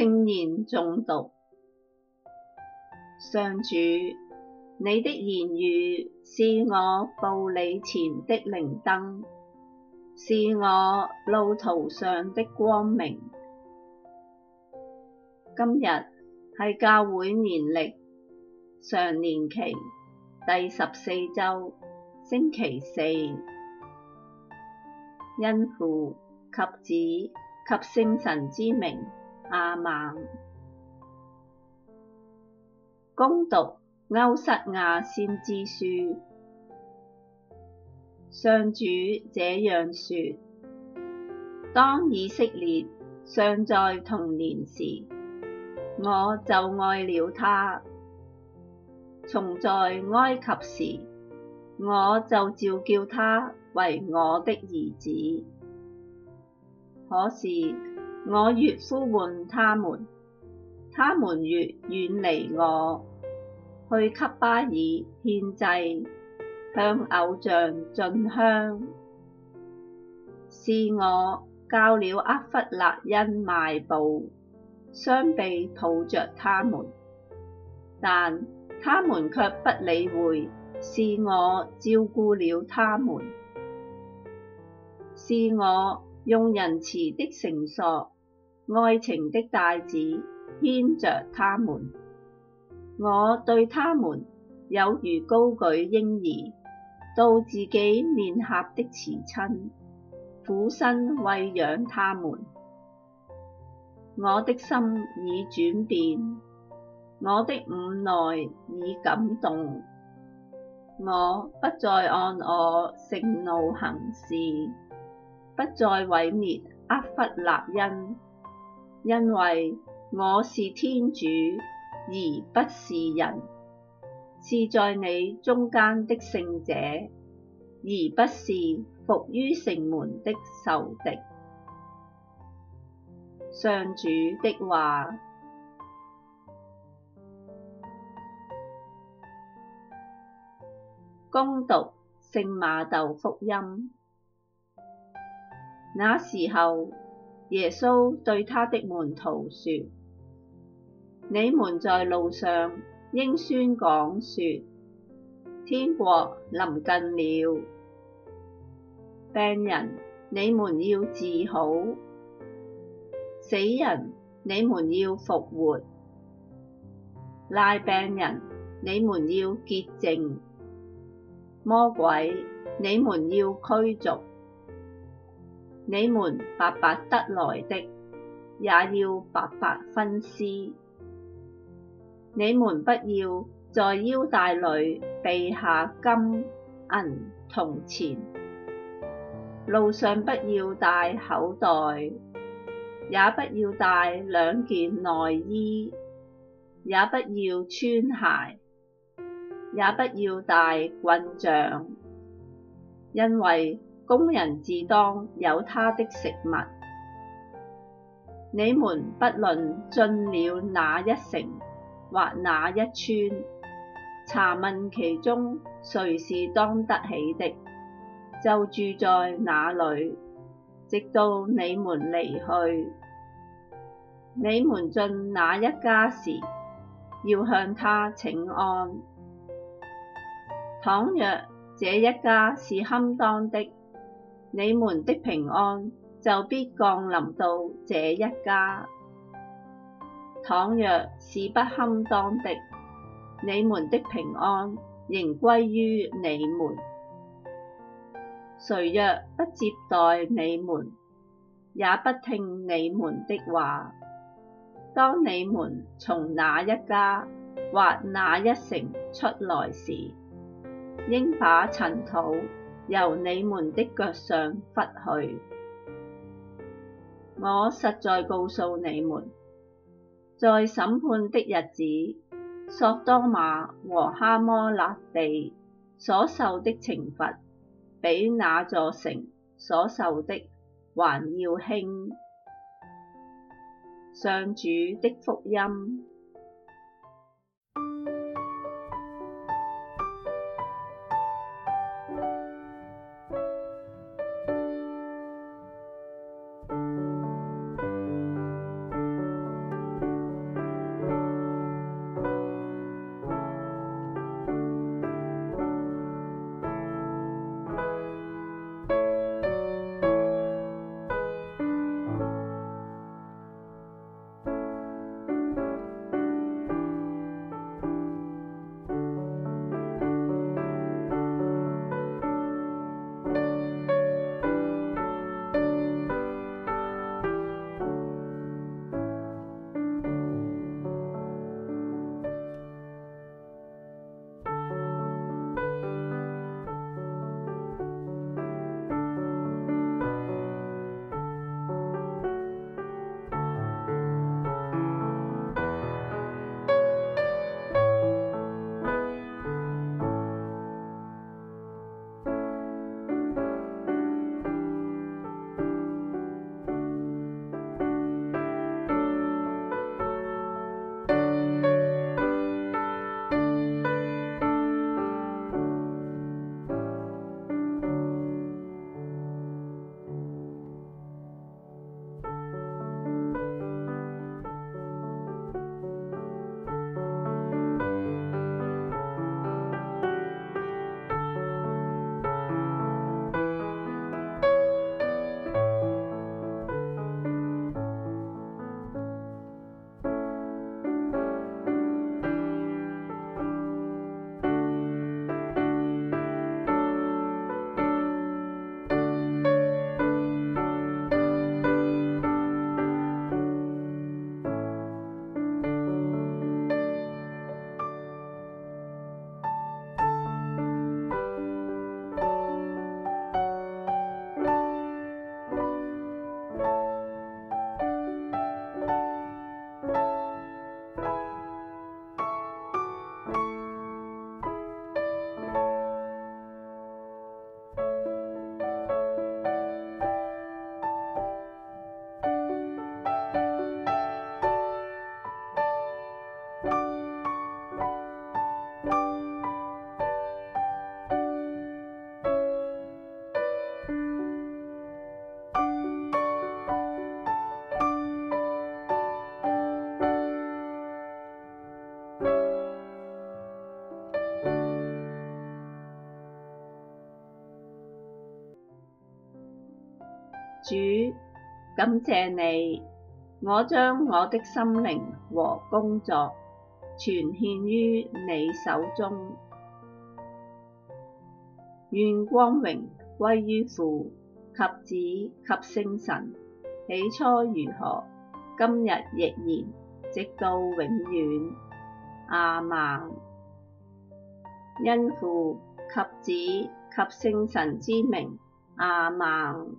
聖言誦讀，上主，你的言語是我步履前的靈燈，是我路途上的光明。今日係教會年曆，常年期第十四周星期四，因父及子及聖神之名。阿曼。恭讀歐瑟亞先知書，上主這樣説：當以色列尚在童年時，我就愛了他；從在埃及時，我就召叫他為我的兒子。可是，我越呼喚他們，他們越遠離我，去給巴耳獻祭，向偶像進香，是我教了厄弗辣因邁步，雙臂抱着他們，但他們卻不理會。是我照顧了他們，是我，用仁慈的繩索，愛情的帶子牽着他們，我對他們有如高舉嬰兒到自己面頰的慈親，俯身餵養他們。我的心已轉變，我的五內已感動，我不再按我盛怒行事。不再毀滅厄弗辣因，因為我是天主，而不是人；是在你中間的聖者，而不是伏於城門的仇敵。上主的話。恭讀聖瑪竇福音。那時候，耶穌對他的門徒説：你們在路上應宣講説，天國臨近了。病人你們要治好，死人你們要復活，癩病人你們要潔淨，魔鬼你們要驅逐。你們白白得來的，也要白白分施。你們不要在腰帶裏備下金銀銅錢，路上不要帶口袋，也不要帶兩件內衣，也不要穿鞋，也不要帶棍杖，因為工人自當有他的食物。你們不論進了哪一城或哪一村，查問其中誰是當得起的，就住在那裏，直到你們離去。你們進哪一家時，要向他請安。倘若這一家是堪當的，你們的平安就必降臨到這一家。倘若是不堪當的，你們的平安仍歸於你們。誰若不接待你們，也不聽你們的話，當你們從那一家或那一城出來時，應把塵土由你們的腳上拂去。我實在告訴你們，在審判的日子，索多瑪和哈摩辣地所受的懲罰，比那座城所受的還要輕。上主的福音。主，感謝你，我將我的心靈和工作全獻於你手中。願光榮歸於父及子及聖神，起初如何，今日亦然，直到永遠。阿們。因父及子及聖神之名。阿們。